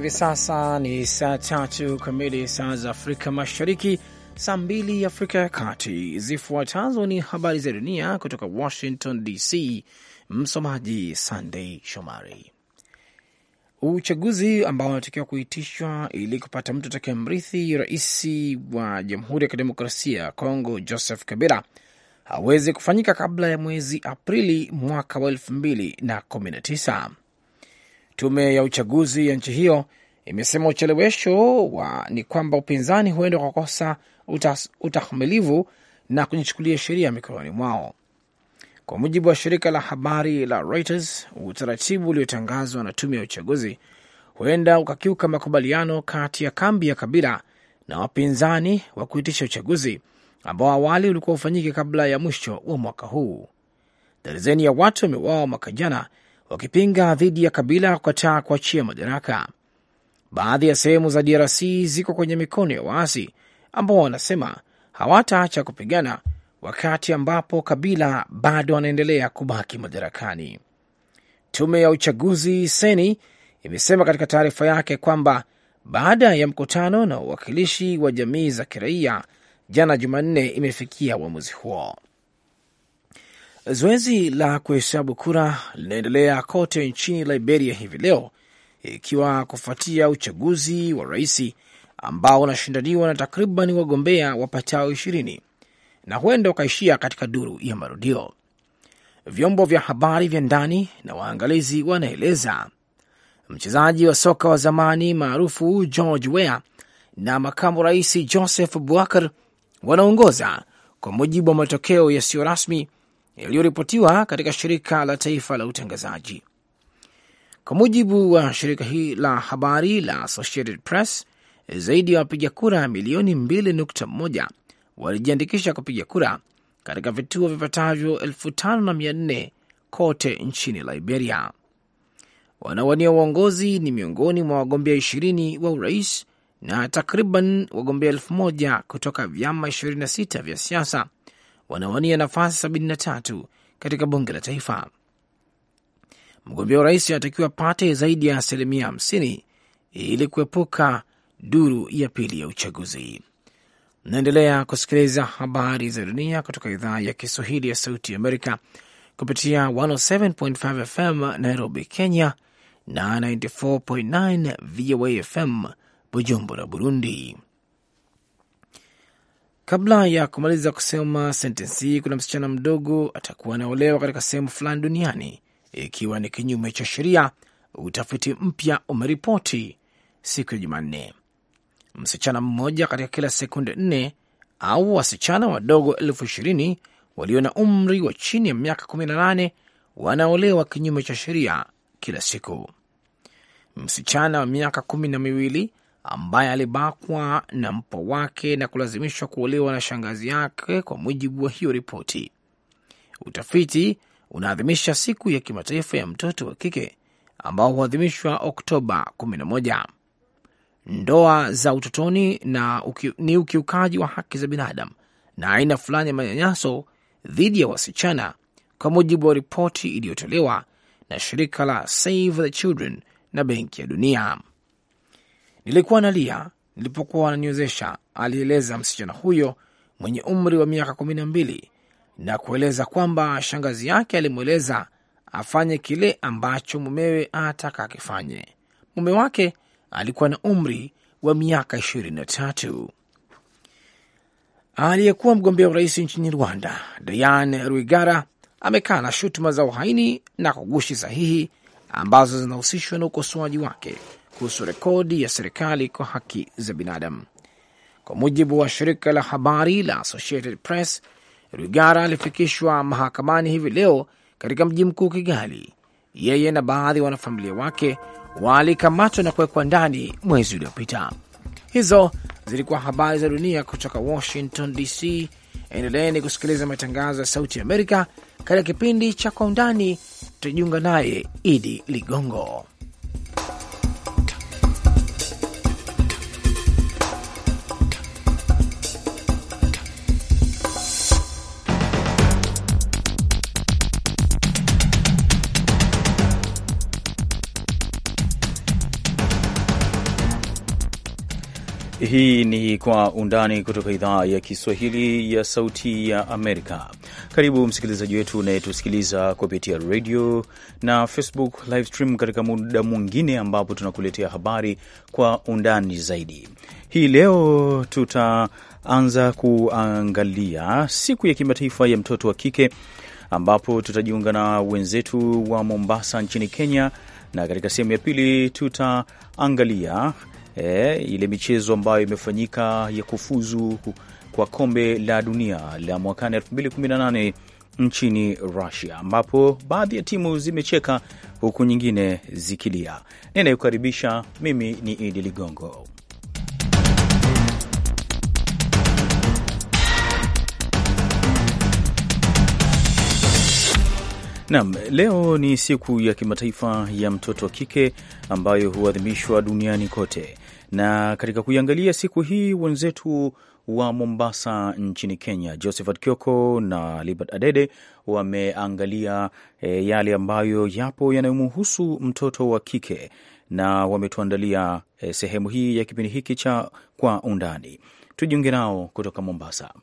Hivi sasa ni saa tatu kamili saa za Afrika Mashariki, saa mbili Afrika ya Kati. Zifuatazo ni habari za dunia kutoka Washington DC. Msomaji Sandei Shomari. Uchaguzi ambao unatakiwa kuitishwa ili kupata mtu atakayemrithi rais wa Jamhuri ya Kidemokrasia ya Kongo Joseph Kabila hawezi kufanyika kabla ya mwezi Aprili mwaka wa elfu mbili na kumi na tisa. Tume ya uchaguzi ya nchi hiyo imesema uchelewesho wa ni kwamba upinzani huenda ukakosa utahimilivu na kujichukulia sheria mikononi mwao. Kwa mujibu wa shirika la habari la Reuters, utaratibu uliotangazwa na tume ya uchaguzi huenda ukakiuka makubaliano kati ya kambi ya Kabila na wapinzani wa kuitisha uchaguzi ambao awali ulikuwa ufanyike kabla ya mwisho wa mwaka huu. Darizeni ya watu wameuawa mwaka jana wakipinga dhidi ya Kabila kukataa kuachia madaraka. Baadhi ya sehemu za DRC ziko kwenye mikono ya waasi ambao wanasema hawataacha kupigana wakati ambapo Kabila bado anaendelea kubaki madarakani. Tume ya uchaguzi Seni imesema katika taarifa yake kwamba baada ya mkutano na uwakilishi wa jamii za kiraia jana Jumanne imefikia uamuzi huo. Zoezi la kuhesabu kura linaendelea kote nchini Liberia hivi leo, ikiwa kufuatia uchaguzi wa rais ambao unashindaniwa na takriban wagombea wapatao ishirini na huenda ukaishia katika duru ya marudio. Vyombo vya habari vya ndani na waangalizi wanaeleza mchezaji wa soka wa zamani maarufu George Weah na makamu rais Joseph Boaker wanaongoza kwa mujibu wa matokeo yasiyo rasmi yaliyoripotiwa katika shirika la taifa la utangazaji. Kwa mujibu wa shirika hii la habari la Associated Press, zaidi ya wa wapiga kura milioni 2.1 walijiandikisha kupiga kura katika vituo vipatavyo 54 kote nchini Liberia. wanawania uongozi ni miongoni mwa wagombea ishirini wa urais na takriban wagombea elfu kutoka vyama 26 vya siasa wanawania nafasi 73 katika bunge la taifa. Mgombea wa rais anatakiwa pate zaidi ya asilimia 50 ili kuepuka duru ya pili ya uchaguzi. Mnaendelea kusikiliza habari za dunia kutoka idhaa ya Kiswahili ya Sauti Amerika kupitia 107.5 FM Nairobi, Kenya na 94.9 VOA FM Bujumbura, Burundi. Kabla ya kumaliza kusema sentensi, kuna msichana mdogo atakuwa anaolewa katika sehemu fulani duniani ikiwa ni kinyume cha sheria, utafiti mpya umeripoti siku ya Jumanne. Msichana mmoja katika kila sekunde nne au wasichana wadogo elfu ishirini walio na umri wa chini ya miaka 18 wanaolewa kinyume cha sheria kila siku. Msichana wa miaka kumi na miwili ambaye alibakwa na mpwa wake na kulazimishwa kuolewa na shangazi yake, kwa mujibu wa hiyo ripoti. Utafiti unaadhimisha siku ya kimataifa ya mtoto wa kike ambao huadhimishwa Oktoba 11. Ndoa za utotoni na uki, ni ukiukaji wa haki za binadamu na aina fulani ya manyanyaso dhidi ya wasichana, kwa mujibu wa ripoti iliyotolewa na shirika la Save the Children na Benki ya Dunia nilikuwa nalia nilipokuwa wananiwezesha, alieleza msichana huyo mwenye umri wa miaka kumi na mbili na kueleza kwamba shangazi yake alimweleza afanye kile ambacho mumewe anataka akifanye. Mume wake alikuwa na umri wa miaka ishirini na tatu. Aliyekuwa mgombea urais nchini Rwanda, Diane Rwigara amekaa na shutuma za uhaini na kugushi sahihi ambazo zinahusishwa na ukosoaji wake kuhusu rekodi ya serikali kwa haki za binadamu. Kwa mujibu wa shirika la habari la Associated Press, Rwigara alifikishwa mahakamani hivi leo katika mji mkuu Kigali. Yeye na baadhi ya wanafamilia wake walikamatwa na kuwekwa ndani mwezi uliopita. Hizo zilikuwa habari za dunia kutoka Washington DC. Endeleeni kusikiliza matangazo ya Sauti ya Amerika. Katika kipindi cha Kwa Undani tutajiunga naye Idi Ligongo. Hii ni Kwa Undani kutoka idhaa ya Kiswahili ya Sauti ya Amerika. Karibu msikilizaji wetu unayetusikiliza kupitia radio na Facebook live stream katika muda mwingine ambapo tunakuletea habari kwa undani zaidi. Hii leo tutaanza kuangalia siku ya kimataifa ya mtoto wa kike ambapo tutajiunga na wenzetu wa Mombasa nchini Kenya, na katika sehemu ya pili tutaangalia e, ile michezo ambayo imefanyika ya kufuzu kwa kombe la dunia la mwakani 2018 nchini Russia, ambapo baadhi ya timu zimecheka huku nyingine zikilia. Ninayekukaribisha mimi ni Idi Ligongo. Nam, leo ni siku ya kimataifa ya mtoto wa kike ambayo huadhimishwa duniani kote. Na katika kuiangalia siku hii, wenzetu wa Mombasa nchini Kenya, Josephat Kioko na Libert Adede wameangalia e, yale ambayo yapo yanayomhusu mtoto wa kike na wametuandalia e, sehemu hii ya kipindi hiki cha Kwa Undani. Tujiunge nao kutoka Mombasa.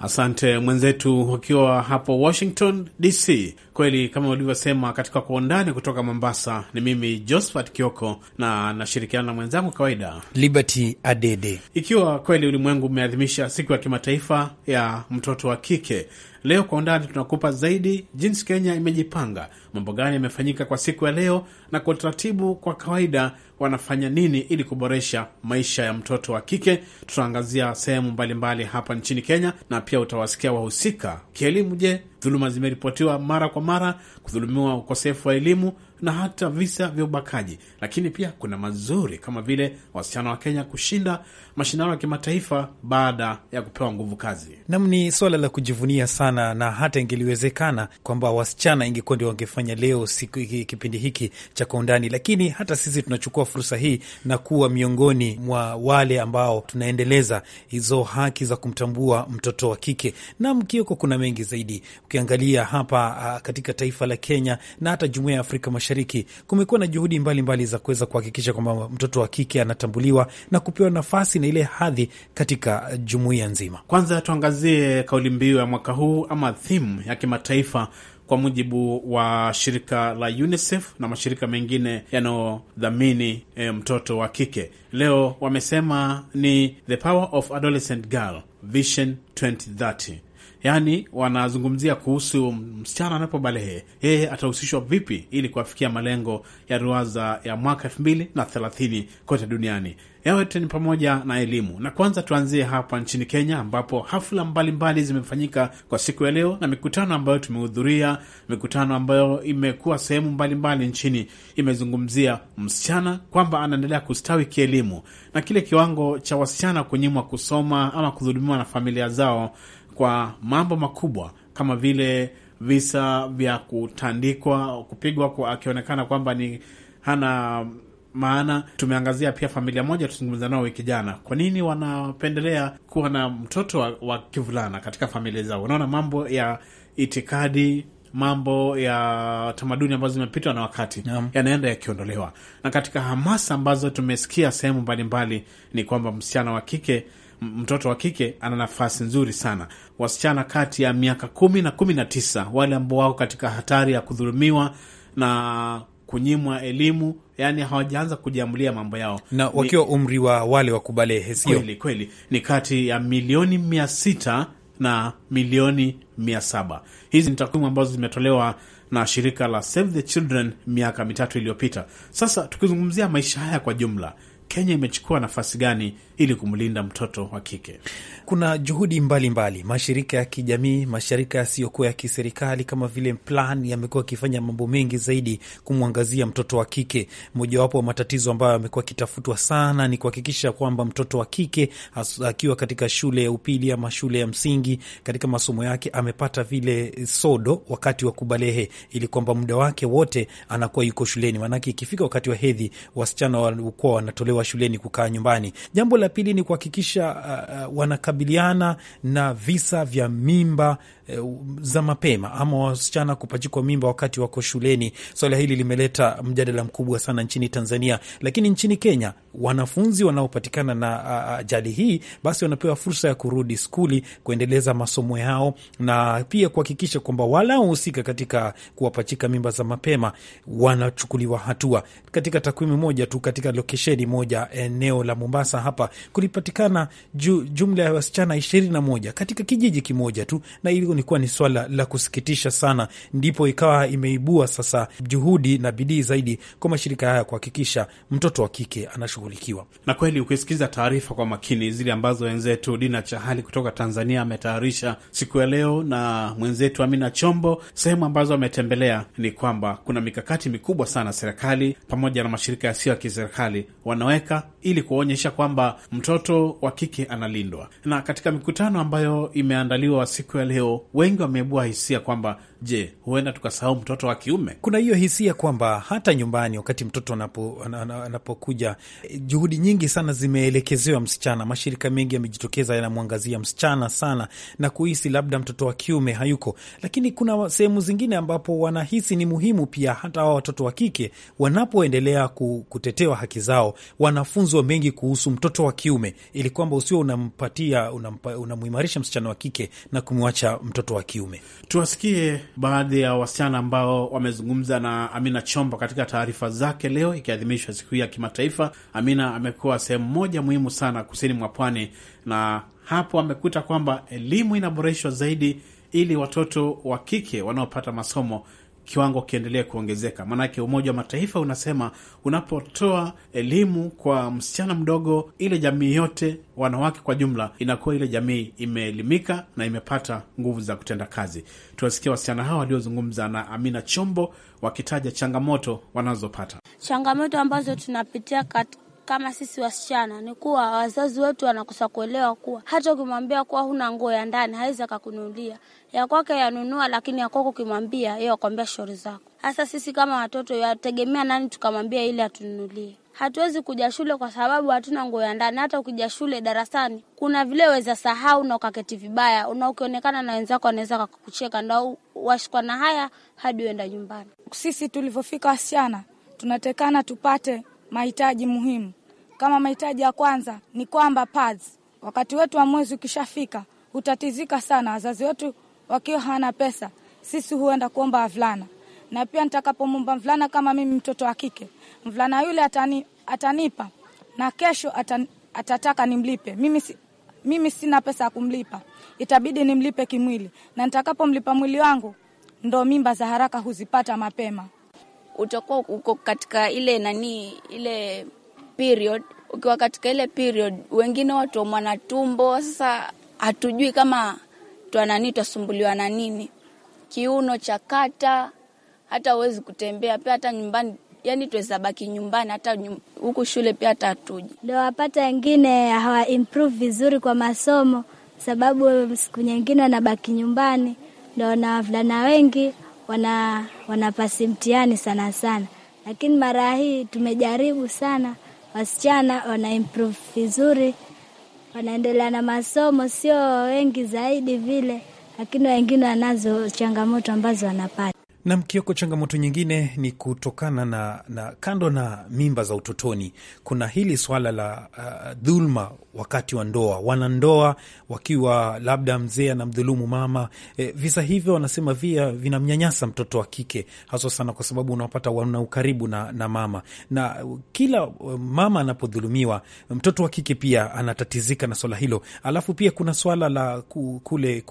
Asante mwenzetu ukiwa hapo Washington DC. Kweli kama ulivyosema katika kwa undani kutoka Mombasa, ni mimi Josephat Kioko na nashirikiana na mwenzangu kawaida Liberty Adede. Ikiwa kweli ulimwengu umeadhimisha siku ya kimataifa ya mtoto wa kike, Leo kwa undani tunakupa zaidi jinsi Kenya imejipanga, mambo gani yamefanyika kwa siku ya leo, na kwa utaratibu, kwa kawaida wanafanya nini ili kuboresha maisha ya mtoto wa kike. Tutaangazia sehemu mbalimbali hapa nchini Kenya, na pia utawasikia wahusika kielimu. Je, dhuluma zimeripotiwa mara kwa mara? Kudhulumiwa, ukosefu wa elimu na hata visa vya ubakaji, lakini pia kuna mazuri kama vile wasichana wa Kenya kushinda mashindano ya kimataifa baada ya kupewa nguvu kazi. Nam, ni swala la kujivunia sana, na hata ingeliwezekana kwamba wasichana ingekuwa ndio wangefanya leo siku kipindi hiki cha Kwa Undani, lakini hata sisi tunachukua fursa hii na kuwa miongoni mwa wale ambao tunaendeleza hizo haki za kumtambua mtoto wa kike. Na mkioko kuna mengi zaidi ukiangalia hapa katika taifa la Kenya na hata jumuiya ya Afrika Mashariki Mashariki kumekuwa na juhudi mbalimbali mbali za kuweza kuhakikisha kwamba mtoto wa kike anatambuliwa na kupewa nafasi na ile hadhi katika jumuiya nzima. Kwanza tuangazie kauli mbiu ya mwaka huu ama thimu ya kimataifa kwa mujibu wa shirika la UNICEF na mashirika mengine yanayodhamini e, mtoto wa kike leo wamesema ni the power of adolescent girl vision 2030 Yaani wanazungumzia kuhusu msichana anapobalehe, yeye atahusishwa vipi ili kuafikia malengo ya ruwaza ya mwaka elfu mbili na thelathini kote duniani. Yote ni pamoja na elimu. Na kwanza tuanzie hapa nchini Kenya, ambapo hafla mbalimbali zimefanyika kwa siku ya leo na mikutano ambayo tumehudhuria, mikutano ambayo imekuwa sehemu mbalimbali nchini, imezungumzia msichana kwamba anaendelea kustawi kielimu na kile kiwango cha wasichana kunyimwa kusoma ama kudhulumiwa na familia zao kwa mambo makubwa kama vile visa vya kutandikwa, kupigwa kwa akionekana kwamba ni hana maana. Tumeangazia pia familia moja tuzungumza nao wiki jana, kwa nini wanapendelea kuwa na mtoto wa, wa kivulana katika familia zao. Unaona mambo ya itikadi mambo ya tamaduni ambazo zimepitwa na wakati yeah, yanaenda yakiondolewa. Na katika hamasa ambazo tumesikia sehemu mbalimbali, ni kwamba msichana wa kike mtoto wa kike ana nafasi nzuri sana. Wasichana kati ya miaka kumi na kumi na tisa wale ambao wako katika hatari ya kudhulumiwa na kunyimwa elimu, yani hawajaanza kujiamulia mambo yao, na wakiwa umri wa wale wakubalehe. Sio kweli, kweli ni kati ya milioni mia sita na milioni mia saba. Hizi ni takwimu ambazo zimetolewa na shirika la Save the Children miaka mitatu iliyopita. Sasa tukizungumzia maisha haya kwa jumla Kenya imechukua nafasi gani ili kumlinda mtoto wa kike? Kuna juhudi mbalimbali mbali. Mashirika ya kijamii, mashirika yasiyokuwa ya kiserikali kama vile Plan yamekuwa akifanya mambo mengi zaidi kumwangazia mtoto wa kike. Mojawapo wa matatizo ambayo amekuwa akitafutwa sana ni kuhakikisha kwamba mtoto wa kike akiwa katika shule ya upili ama shule ya msingi, katika masomo yake amepata vile sodo wakati wa kubalehe, ili kwamba muda wake wote anakuwa yuko shuleni, maanake ikifika wakati wa hedhi wasichana walikuwa wanatolewa shuleni kukaa nyumbani. Jambo la pili ni kuhakikisha uh, uh wanakabiliana na visa vya mimba uh, za mapema ama wasichana kupachikwa mimba wakati wako shuleni. Swala hili limeleta mjadala mkubwa sana nchini Tanzania, lakini nchini Kenya wanafunzi wanaopatikana na ajali hii basi wanapewa fursa ya kurudi skuli kuendeleza masomo yao, na pia kuhakikisha kwamba wanaohusika katika kuwapachika mimba za mapema wanachukuliwa hatua. Katika takwimu moja tu, katika lokesheni moja eneo la Mombasa hapa kulipatikana ju, jumla ya wasichana ishirini na moja katika kijiji kimoja tu, na hili likuwa ni swala la kusikitisha sana, ndipo ikawa imeibua sasa juhudi na bidii zaidi kwa mashirika haya kuhakikisha mtoto wa kike anashu kushughulikiwa. Na kweli ukisikiza taarifa kwa makini zile ambazo wenzetu Dina Chahali kutoka Tanzania ametayarisha siku ya leo na mwenzetu Amina Chombo, sehemu ambazo ametembelea, ni kwamba kuna mikakati mikubwa sana serikali pamoja na mashirika yasiyo ya kiserikali wanaweka ili kuonyesha kwamba mtoto wa kike analindwa. Na katika mikutano ambayo imeandaliwa siku ya leo, wengi wameibua hisia kwamba je, huenda tukasahau mtoto wa kiume? Kuna hiyo hisia kwamba hata nyumbani, wakati mtoto anapokuja, juhudi nyingi sana zimeelekezewa msichana. Mashirika mengi yamejitokeza yanamwangazia msichana sana na kuhisi labda mtoto wa kiume hayuko, lakini kuna sehemu zingine ambapo wanahisi ni muhimu pia hata hawa watoto wa kike wanapoendelea kutetewa haki zao wanafunzwa mengi kuhusu mtoto wa kiume, ili kwamba usio unampatia unamuimarisha msichana wa kike na kumwacha mtoto wa kiume. Tuwasikie baadhi ya wasichana ambao wamezungumza na Amina Chomba katika taarifa zake leo, ikiadhimishwa siku hii ya kimataifa Amina amekuwa sehemu moja muhimu sana kusini mwa pwani, na hapo amekuta kwamba elimu inaboreshwa zaidi ili watoto wa kike wanaopata masomo kiwango kiendelee kuongezeka. Maanake Umoja wa Mataifa unasema unapotoa elimu kwa msichana mdogo, ile jamii yote, wanawake kwa jumla, inakuwa ile jamii imeelimika na imepata nguvu za kutenda kazi. Tuwasikia wasichana hawa waliozungumza na Amina Chombo wakitaja changamoto wanazopata, changamoto ambazo tunapitia kama sisi wasichana ni kuwa wazazi wetu wanakosa kuelewa kuwa hata ukimwambia kuwa huna nguo ya ndani hawezi akakunulia ya kwake yanunua, lakini ya kwako ukimwambia yeye akwambia stori zako. Hasa sisi kama watoto yategemea nani tukamwambia ili atununulie. Hatuwezi kuja shule kwa sababu hatuna nguo ya ndani. Hata ukija shule darasani, kuna vile weza sahau na ukaketi vibaya, una ukionekana na wenzako wanaweza kakucheka, ndo washikwa na haya hadi uenda nyumbani. Sisi tulivyofika wasichana, tunatekana tupate mahitaji muhimu. Kama mahitaji ya kwanza ni kwamba pads, wakati wetu wa mwezi ukishafika hutatizika sana. Wazazi wetu wakiwa hawana pesa, sisi huenda kuomba wavulana, na pia nitakapomwomba mvulana, kama mimi mtoto wa kike, mvulana yule atani, atanipa na kesho atan, atataka nimlipe mimi, si, mimi sina pesa ya kumlipa, itabidi nimlipe kimwili, na nitakapomlipa mwili wangu ndo mimba za haraka huzipata mapema utakuwa uko katika ile nani, ile period. Ukiwa katika ile period, wengine watu waumwana tumbo. Sasa hatujui kama twanani twasumbuliwa na nini, kiuno cha kata, hata uwezi kutembea pia, hata nyumbani yani tuweza baki nyumbani hata huku shule pia hata hatuji. Ndio wapata wengine hawa improve vizuri kwa masomo, sababu siku nyingine wanabaki nyumbani, ndo na wavulana wengi wana wanapasi mtihani sana sana, lakini mara hii tumejaribu sana, wasichana improve vizuri, wanaendelea na masomo, sio wengi zaidi vile, lakini wengine wanazo changamoto ambazo wanapata na Mkioko, changamoto nyingine ni kutokana na, na kando na mimba za utotoni, kuna hili swala la uh, dhulma wakati wa ndoa, wanandoa wakiwa labda mzee anamdhulumu mama e, visa hivyo wanasema via vinamnyanyasa mtoto wa kike haswa sana, kwa sababu unawapata wana ukaribu na, na mama, na kila uh, mama anapodhulumiwa mtoto wa kike pia anatatizika na swala hilo. Alafu pia kuna swala la kule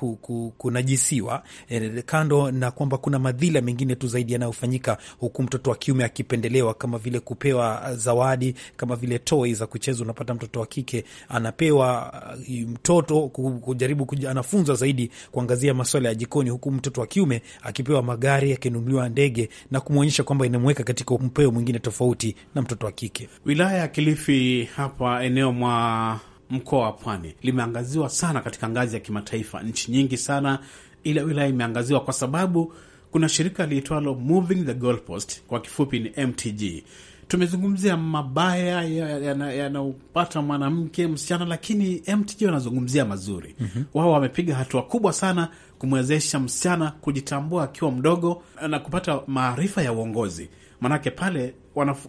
kunajisiwa e, kando na kwamba kuna madhila mengine tu zaidi yanayofanyika, huku mtoto wa kiume akipendelewa, kama vile kupewa uh, zawadi, kama vile toi za kucheza. Unapata mtoto wa kike anapewa uh, mtoto kujaribu anafunzwa zaidi kuangazia maswala ya jikoni, huku mtoto wa kiume akipewa magari, akinunuliwa ndege na kumwonyesha kwamba inamweka katika mpeo mwingine tofauti na mtoto wa kike. Wilaya ya Kilifi hapa eneo mwa mkoa wa Pwani limeangaziwa sana katika ngazi ya kimataifa, nchi nyingi sana, ila wilaya imeangaziwa kwa sababu kuna shirika liitwalo Moving the Goalpost, kwa kifupi ni MTG. Tumezungumzia mabaya yanaopata ya, ya, ya mwanamke msichana, lakini MTG wanazungumzia mazuri. mm -hmm. Wao wamepiga hatua kubwa sana kumwezesha msichana kujitambua akiwa mdogo na kupata maarifa ya uongozi, manake pale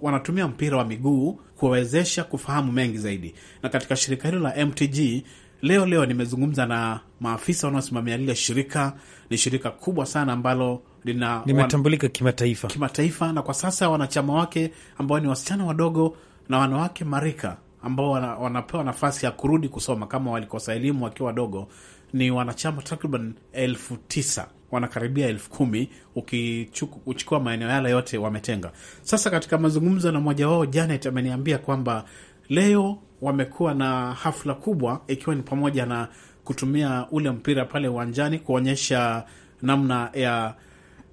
wanatumia mpira wa miguu kuwawezesha kufahamu mengi zaidi. Na katika shirika hilo la MTG leo leo nimezungumza na maafisa wanaosimamia lile shirika. Ni shirika kubwa sana ambalo lina limetambulika kimataifa kimataifa, na kwa sasa wanachama wake ambao ni wasichana wadogo na wanawake marika ambao wana, wanapewa nafasi ya kurudi kusoma kama walikosa elimu wakiwa wadogo ni wanachama takriban elfu tisa wanakaribia elfu kumi ukichukua maeneo yale yote wametenga. Sasa katika mazungumzo na mmoja wao, Janet ameniambia kwamba leo wamekuwa na hafla kubwa, ikiwa ni pamoja na kutumia ule mpira pale uwanjani kuonyesha namna ya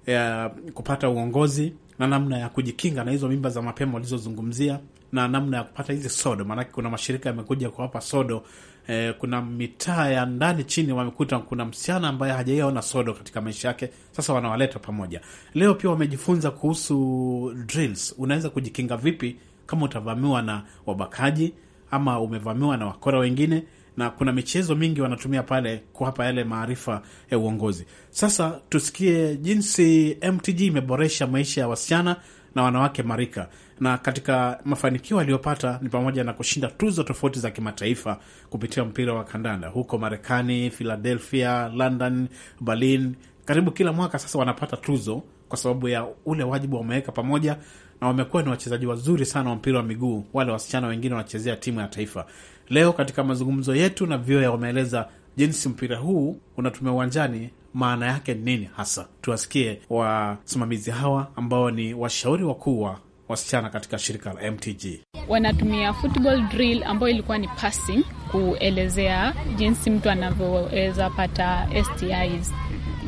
ya kupata uongozi na namna ya kujikinga na hizo mimba za mapema walizozungumzia na namna ya kupata hizi sodo, maanake kuna mashirika yamekuja kuwapa sodo. E, kuna mitaa ya ndani chini wamekuta kuna msichana ambaye hajaiona sodo katika maisha yake, sasa wanawaleta pamoja. Leo pia wamejifunza kuhusu drills, unaweza kujikinga vipi kama utavamiwa na wabakaji ama umevamiwa na wakora wengine na kuna michezo mingi wanatumia pale kuwapa yale maarifa ya uongozi. Sasa tusikie jinsi MTG imeboresha maisha ya wasichana na wanawake marika, na katika mafanikio aliyopata ni pamoja na kushinda tuzo tofauti za kimataifa kupitia mpira wa kandanda huko Marekani, Philadelphia, London, Berlin. Karibu kila mwaka sasa wanapata tuzo kwa sababu ya ule wajibu wameweka pamoja, na wamekuwa ni wachezaji wazuri sana wa mpira wa miguu. Wale wasichana wengine wanachezea timu ya taifa. Leo katika mazungumzo yetu na voa wameeleza jinsi mpira huu unatumia uwanjani, maana yake nini hasa. Tuwasikie wasimamizi hawa ambao ni washauri wakuu wa wasichana katika shirika la MTG. Wanatumia football drill ambayo ilikuwa ni passing, kuelezea jinsi mtu anavyoweza pata STIs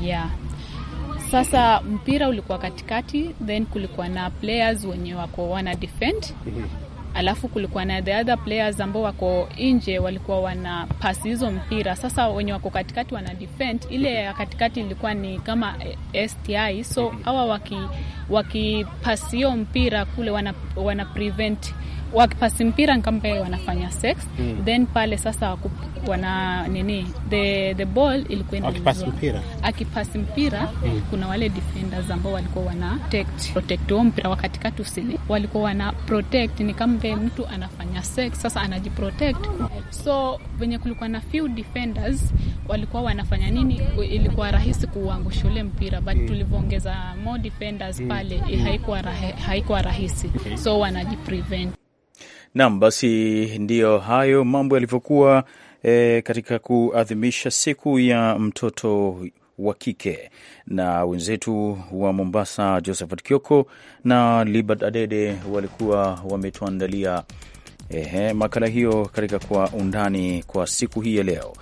yeah. Sasa mpira ulikuwa katikati, then kulikuwa na players wenye wako wana defend mhm alafu kulikuwa na the other players ambao wako nje walikuwa wana pasi hizo mpira. Sasa wenye wako katikati wana defend, ile ya katikati ilikuwa ni kama STI, so mhm. hawa wakipasi waki hiyo mpira kule wana, wana prevent wakipasi mpira nikambe wanafanya sex mm. Then pale sasa waku, wana nini the, the ball ilikuwa ina akipasi mpira, akipasi mpira mm. Kuna wale defenders ambao walikuwa wana protect protect mpira wa katikati usini, walikuwa wana protect, ni kama mtu anafanya sex sasa anajiprotect. So venye kulikuwa na few defenders walikuwa wanafanya nini, ilikuwa rahisi kuangusha ule mpira but mm. tulivyoongeza more defenders mm. pale mm. haikuwa rahisi, okay. so wanajiprevent Naam, basi ndiyo hayo mambo yalivyokuwa e, katika kuadhimisha siku ya mtoto wa kike na wenzetu wa Mombasa, Josephat Kioko na Libert Adede walikuwa wametuandalia ehe, makala hiyo katika Kwa Undani kwa siku hii ya leo.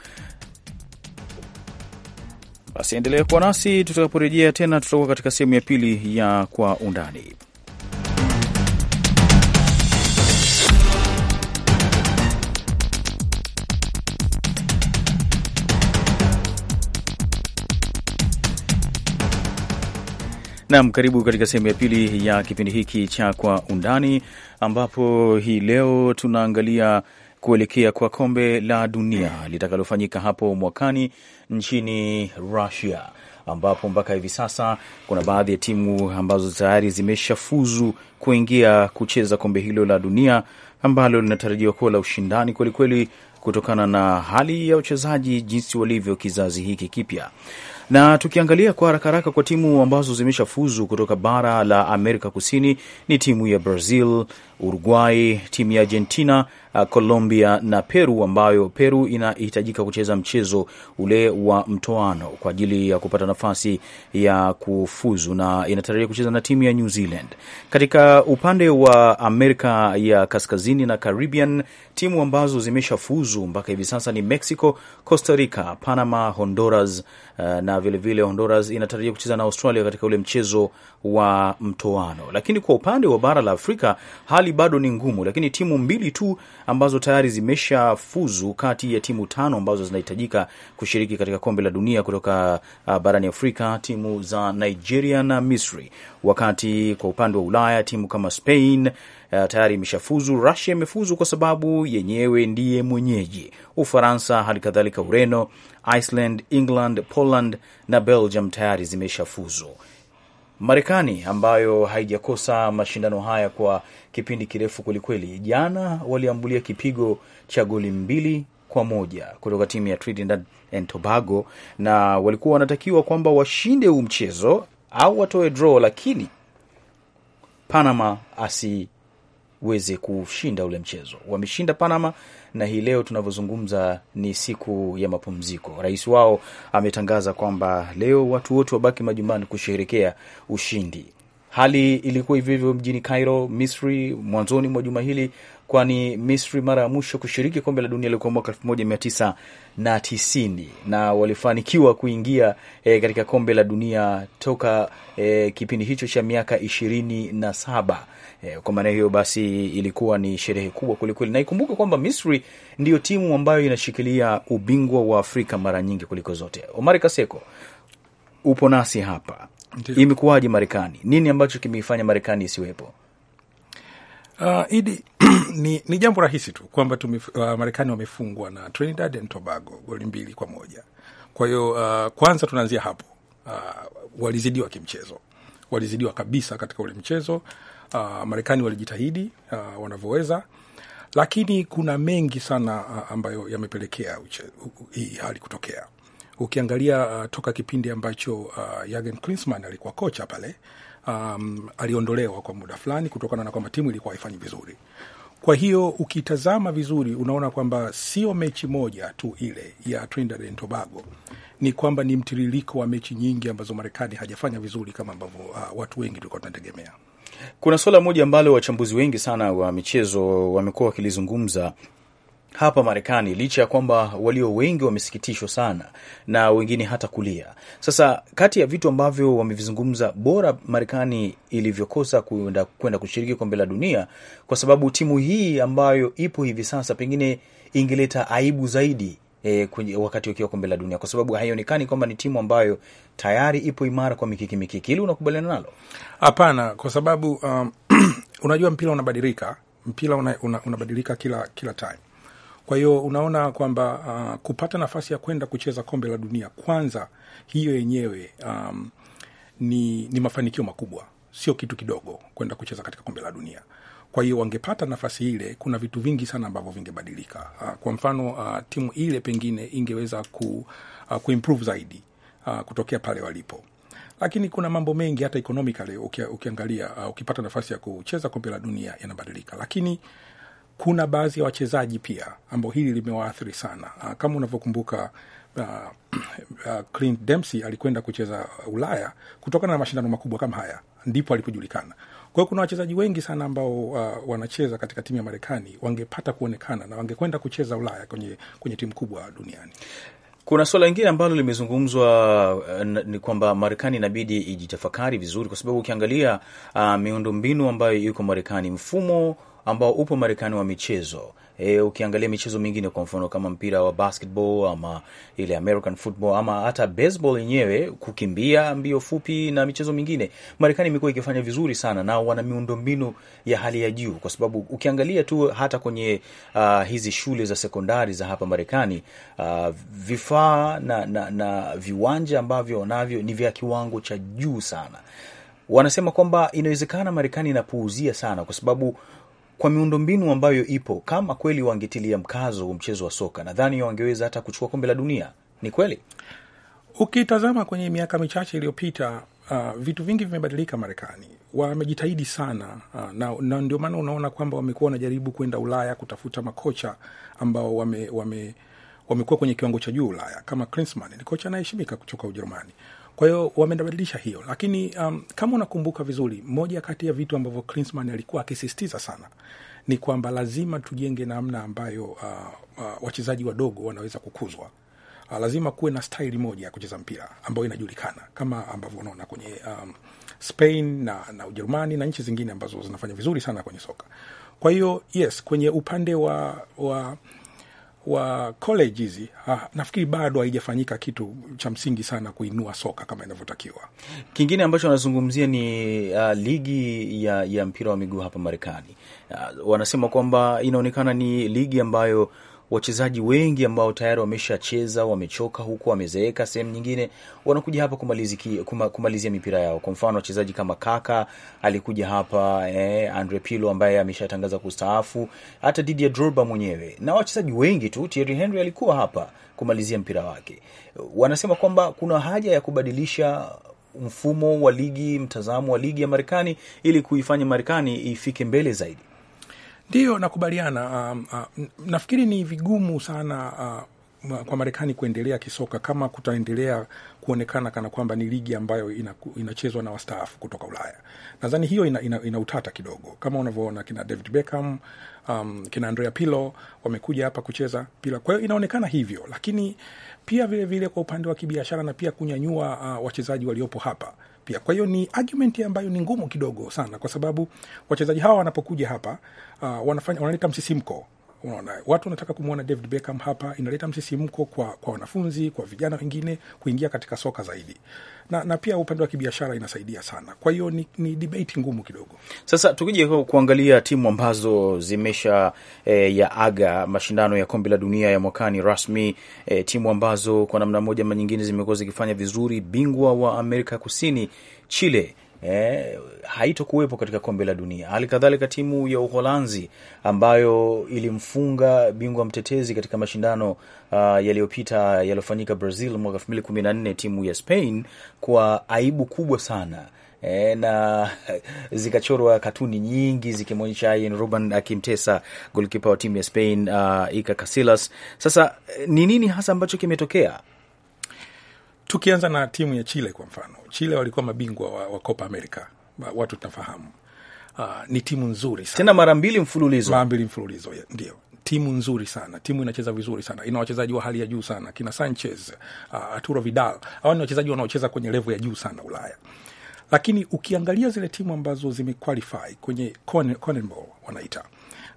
Basi endelea kuwa nasi, tutakaporejea tena tutakuwa katika sehemu ya pili ya Kwa Undani. Naam, karibu katika sehemu ya pili ya kipindi hiki cha Kwa Undani, ambapo hii leo tunaangalia kuelekea kwa kombe la dunia litakalofanyika hapo mwakani nchini Russia, ambapo mpaka hivi sasa kuna baadhi ya timu ambazo tayari zimeshafuzu kuingia kucheza kombe hilo la dunia ambalo linatarajiwa kuwa la ushindani kwelikweli, kutokana na hali ya uchezaji jinsi walivyo kizazi hiki kipya. Na tukiangalia kwa haraka haraka kwa timu ambazo zimeshafuzu kutoka bara la Amerika Kusini ni timu ya Brazil Uruguay, timu ya Argentina, uh, Colombia na Peru, ambayo Peru inahitajika kucheza mchezo ule wa mtoano kwa ajili ya kupata nafasi ya kufuzu na inatarajia kucheza na timu ya New Zealand. Katika upande wa Amerika ya Kaskazini na Caribbean, timu ambazo zimeshafuzu mpaka hivi sasa ni Mexico, Costa Rica, Panama, Honduras uh, na vilevile vile Honduras inatarajia kucheza na Australia katika ule mchezo wa mtoano. Lakini kwa upande wa bara la Afrika hali hali bado ni ngumu, lakini timu mbili tu ambazo tayari zimeshafuzu kati ya timu tano ambazo zinahitajika kushiriki katika kombe la dunia kutoka uh, barani Afrika, timu za Nigeria na Misri, wakati kwa upande wa Ulaya timu kama Spain uh, tayari imeshafuzu. Russia imefuzu kwa sababu yenyewe ndiye mwenyeji. Ufaransa, hali kadhalika Ureno, Iceland, England, Poland na Belgium tayari zimeshafuzu. Marekani ambayo haijakosa mashindano haya kwa kipindi kirefu kwelikweli, jana waliambulia kipigo cha goli mbili kwa moja kutoka timu ya Trinidad and Tobago, na walikuwa wanatakiwa kwamba washinde huu mchezo au watoe draw, lakini Panama asi waweze kushinda ule mchezo. Wameshinda Panama, na hii leo tunavyozungumza ni siku ya mapumziko. Rais wao ametangaza kwamba leo watu wote wabaki majumbani kusheherekea ushindi. Hali ilikuwa hivyo hivyo mjini Cairo, Misri, mwanzoni mwa juma hili, kwani Misri mara ya mwisho kushiriki kombe la dunia ilikuwa mwaka elfu moja mia tisa na tisini na walifanikiwa kuingia e, katika kombe la dunia toka e, kipindi hicho cha miaka ishirini na saba. E, kwa maana hiyo basi ilikuwa ni sherehe kubwa kwelikweli, na ikumbuke kwamba Misri ndiyo timu ambayo inashikilia ubingwa wa Afrika mara nyingi kuliko zote. Omari Kaseko, upo nasi hapa, imekuwaje Marekani? Nini ambacho kimeifanya Marekani isiwepo? Uh, idi ni, ni jambo rahisi tu kwamba uh, Marekani wamefungwa na Trinidad and Tobago goli mbili kwa moja. Kwa hiyo uh, kwanza tunaanzia hapo uh, walizidiwa kimchezo, walizidiwa kabisa katika ule mchezo Uh, Marekani walijitahidi uh, wanavyoweza, lakini kuna mengi sana uh, ambayo yamepelekea hii hali kutokea. Ukiangalia uh, toka kipindi ambacho uh, Jurgen Klinsmann alikuwa kocha pale, um, aliondolewa kwa muda fulani kutokana na kwamba timu ilikuwa haifanyi vizuri. Kwa hiyo ukitazama vizuri unaona kwamba sio mechi moja tu ile ya Trinidad and Tobago, ni kwamba ni mtiririko wa mechi nyingi ambazo Marekani hajafanya vizuri kama ambavyo uh, watu wengi tulikuwa tunategemea. Kuna suala moja ambalo wachambuzi wengi sana wa michezo wamekuwa wakilizungumza hapa Marekani, licha ya kwamba walio wengi wamesikitishwa sana na wengine hata kulia. Sasa, kati ya vitu ambavyo wamevizungumza, bora Marekani ilivyokosa kwenda kwenda kushiriki kombe la dunia, kwa sababu timu hii ambayo ipo hivi sasa pengine ingeleta aibu zaidi e, kwenye, wakati wakiwa kombe la dunia, kwa sababu haionekani kwamba ni timu ambayo tayari ipo imara kwa mikiki mikiki. hili unakubaliana nalo? Hapana, kwa sababu um, unajua mpira unabadilika, mpira una, una, unabadilika kila, kila time. Kwa hiyo unaona kwamba uh, kupata nafasi ya kwenda kucheza kombe la dunia kwanza, hiyo yenyewe um, ni, ni mafanikio makubwa, sio kitu kidogo kwenda kucheza katika kombe la dunia. Kwa hiyo wangepata nafasi ile, kuna vitu vingi sana ambavyo vingebadilika. Ah, kwa mfano, ah, timu ile pengine ingeweza ku, ah, kuimprove zaidi kutokea pale walipo lakini kuna mambo mengi hata economically ukiangalia uh, ukipata nafasi ya kucheza kombe la dunia yanabadilika, lakini kuna baadhi ya wachezaji pia ambao hili limewaathiri sana. Uh, kama unavyokumbuka uh, uh, Clint Dempsey alikwenda kucheza Ulaya kutokana na mashindano makubwa kama haya, ndipo alipojulikana. Kwa hiyo kuna wachezaji wengi sana ambao uh, wanacheza katika timu ya Marekani wangepata kuonekana na wangekwenda kucheza Ulaya kwenye, kwenye timu kubwa duniani. Kuna suala lingine ambalo limezungumzwa uh, ni kwamba Marekani inabidi ijitafakari vizuri, kwa sababu ukiangalia uh, miundombinu ambayo iko Marekani, mfumo ambao upo Marekani wa michezo e, ukiangalia michezo mingine kwa mfano kama mpira wa basketball ama ile American football ama hata baseball yenyewe, kukimbia, mbio fupi na michezo mingine, Marekani imekuwa ikifanya vizuri sana na wana miundombinu ya hali ya juu, kwa sababu ukiangalia tu hata kwenye uh, hizi shule za sekondari za hapa Marekani uh, vifaa na, na, na viwanja ambavyo wanavyo ni vya kiwango cha juu sana. Wanasema kwamba inawezekana Marekani inapuuzia sana, kwa sababu kwa miundombinu ambayo ipo, kama kweli wangetilia mkazo mchezo wa soka, nadhani wangeweza hata kuchukua kombe la dunia. Ni kweli ukitazama kwenye miaka michache iliyopita, uh, vitu vingi vimebadilika Marekani wamejitahidi sana uh, na, na ndio maana unaona kwamba wamekuwa wanajaribu kwenda Ulaya kutafuta makocha ambao wame, wame, wamekuwa kwenye kiwango cha juu Ulaya kama Klinsmann ni kocha anaheshimika kutoka Ujerumani. Kwa hiyo wamebadilisha hiyo, lakini um, kama unakumbuka vizuri, moja kati ya vitu ambavyo Klinsmann alikuwa akisisitiza sana ni kwamba lazima tujenge namna ambayo uh, uh, wachezaji wadogo wanaweza kukuzwa. Uh, lazima kuwe na staili moja ya kucheza mpira ambayo inajulikana kama ambavyo unaona kwenye um, Spain na, na Ujerumani na nchi zingine ambazo zinafanya vizuri sana kwenye soka. Kwa hiyo yes, kwenye upande wa, wa wa college hizi nafikiri bado haijafanyika kitu cha msingi sana kuinua soka kama inavyotakiwa. Kingine ambacho wanazungumzia ni uh, ligi ya, ya mpira wa miguu hapa Marekani. Uh, wanasema kwamba inaonekana ni ligi ambayo wachezaji wengi ambao tayari wameshacheza wamechoka, huku wamezeeka sehemu nyingine, wanakuja hapa kumalizia mipira yao. Kwa mfano wachezaji kama Kaka alikuja hapa eh, Andre Pirlo ambaye ameshatangaza kustaafu, hata Didier Drogba mwenyewe na wachezaji wengi tu. Thierry Henry alikuwa hapa kumalizia mpira wake. Wanasema kwamba kuna haja ya kubadilisha mfumo wa ligi, mtazamo wa ligi ya Marekani ili kuifanya Marekani ifike mbele zaidi. Ndiyo, nakubaliana. Um, uh, nafikiri ni vigumu sana uh, kwa Marekani kuendelea kisoka kama kutaendelea kuonekana kana kwamba ni ligi ambayo inachezwa na wastaafu kutoka Ulaya. Nadhani hiyo ina, ina, ina utata kidogo, kama unavyoona kina David Beckham um, kina Andrea Pirlo wamekuja hapa kucheza pila, kwa hiyo inaonekana hivyo, lakini pia vilevile vile kwa upande wa kibiashara na pia kunyanyua uh, wachezaji waliopo hapa pia. Kwa hiyo ni argument ambayo ni ngumu kidogo sana, kwa sababu wachezaji hawa wanapokuja hapa uh, wanafanya wanaleta msisimko unaona, watu wanataka kumwona David Beckham hapa, inaleta msisimko kwa, kwa wanafunzi, kwa vijana wengine kuingia katika soka zaidi na, na pia upande wa kibiashara inasaidia sana. Kwa hiyo ni, ni debate ngumu kidogo. Sasa tukija kuangalia timu ambazo zimesha e, ya aga mashindano ya kombe la dunia ya mwakani rasmi e, timu ambazo kwa namna moja ama nyingine zimekuwa zikifanya vizuri, bingwa wa Amerika Kusini Chile eh, haitokuwepo katika kombe la dunia. Hali kadhalika timu ya Uholanzi ambayo ilimfunga bingwa mtetezi katika mashindano uh, yaliyopita yaliyofanyika Brazil mwaka elfu mbili kumi na nne timu ya Spain kwa aibu kubwa sana. E, na zikachorwa katuni nyingi zikimwonyesha Arjen Robben akimtesa golkipa wa timu ya Spain uh, Iker Casillas. Sasa eh, ni nini hasa ambacho kimetokea? Tukianza na timu ya Chile kwa mfano, Chile walikuwa mabingwa wa, wa Copa America, watu tunafahamu. Uh, ni timu nzuri sana tena, mara mbili mfululizo, mara mbili mfululizo, ndio timu nzuri sana, timu inacheza vizuri sana, ina wachezaji wa hali ya juu sana, kina Sanchez, uh, Arturo Vidal, hawa ni wachezaji wanaocheza kwenye levu ya juu sana Ulaya. Lakini ukiangalia zile timu ambazo zimequalify kwenye CONMEBOL wanaita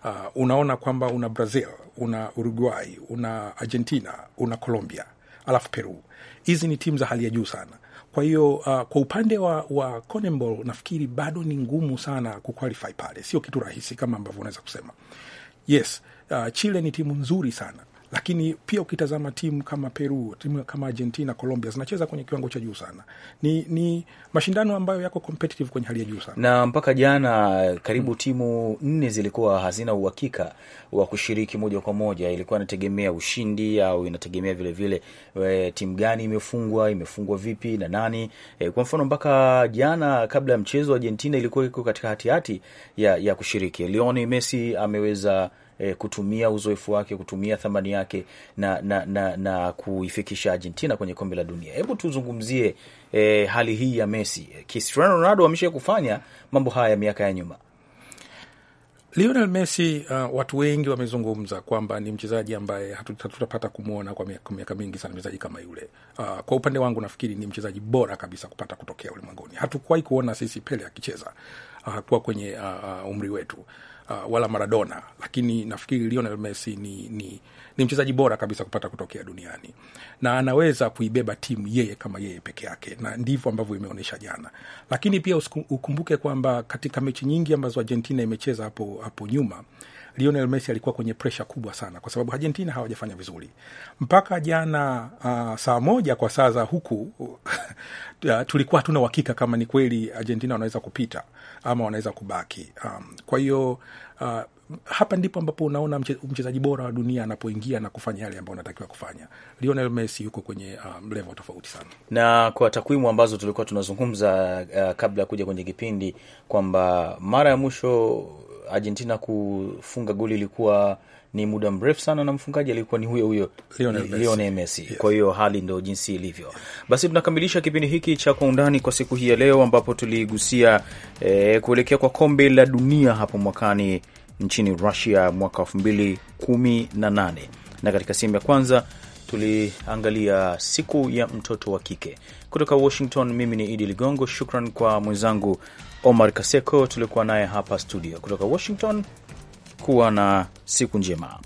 uh, unaona kwamba una Brazil, una Uruguay, una Argentina, una Colombia alafu Peru. Hizi ni timu za hali ya juu sana. Kwa hiyo uh, kwa upande wa, wa Conmebol nafikiri bado ni ngumu sana kuqualify pale, sio kitu rahisi kama ambavyo unaweza kusema yes. Uh, Chile ni timu nzuri sana lakini pia ukitazama timu kama Peru, timu kama Argentina, Colombia zinacheza kwenye kiwango cha juu sana. Ni, ni mashindano ambayo yako competitive kwenye hali ya juu sana, na mpaka jana karibu hmm, timu nne zilikuwa hazina uhakika wa kushiriki moja kwa moja, ilikuwa inategemea ushindi au inategemea vilevile vile, timu gani imefungwa imefungwa vipi na nani. E, kwa mfano mpaka jana kabla ya mchezo Argentina ilikuwa iko katika hatihati ya, ya kushiriki. Lionel Messi ameweza eh, kutumia uzoefu wake, kutumia thamani yake na, na, na, na kuifikisha Argentina kwenye kombe la dunia. Hebu tuzungumzie eh, hali hii ya Messi. Cristiano Ronaldo amesha kufanya mambo haya miaka ya nyuma. Lionel Messi uh, watu wengi wamezungumza kwamba ni mchezaji ambaye hatutapata kumwona kwa miaka mingi sana, mchezaji kama yule. Uh, kwa upande wangu nafikiri ni mchezaji bora kabisa kupata kutokea ulimwenguni. Hatukuwahi kuona sisi Pele akicheza uh, kuwa kwenye uh, uh, umri wetu uh, wala Maradona, lakini nafikiri Lionel Messi ni, ni, ni mchezaji bora kabisa kupata kutokea duniani na anaweza kuibeba timu yeye kama yeye peke yake, na ndivyo ambavyo imeonyesha jana. Lakini pia ukumbuke kwamba katika mechi nyingi ambazo Argentina imecheza hapo, hapo nyuma Lionel Messi alikuwa kwenye presha kubwa sana, kwa sababu Argentina hawajafanya vizuri mpaka jana uh, saa moja kwa saa za huku uh, uh, tulikuwa hatuna uhakika kama ni kweli Argentina wanaweza kupita ama wanaweza kubaki. Um, kwa hiyo uh, hapa ndipo ambapo unaona mchezaji bora wa dunia anapoingia na kufanya yale ambayo anatakiwa kufanya. Lionel Messi yuko kwenye um, level tofauti sana, na kwa takwimu ambazo tulikuwa tunazungumza uh, kabla ya kuja kwenye kipindi kwamba mara ya mwisho Argentina kufunga goli ilikuwa ni muda mrefu sana, na mfungaji alikuwa ni huyo huyo Lionel Messi. Yeah. Kwa hiyo hali ndo jinsi ilivyo. Basi tunakamilisha kipindi hiki cha Kwa Undani kwa siku hii ya leo, ambapo tuligusia eh, kuelekea kwa kombe la dunia hapo mwakani nchini Russia mwaka elfu mbili kumi na nane na katika sehemu ya kwanza tuliangalia siku ya mtoto wa kike. Kutoka Washington, mimi ni Idi Ligongo, shukran kwa mwenzangu Omar Kaseko tuliokuwa naye hapa studio kutoka Washington. Kuwa na siku njema.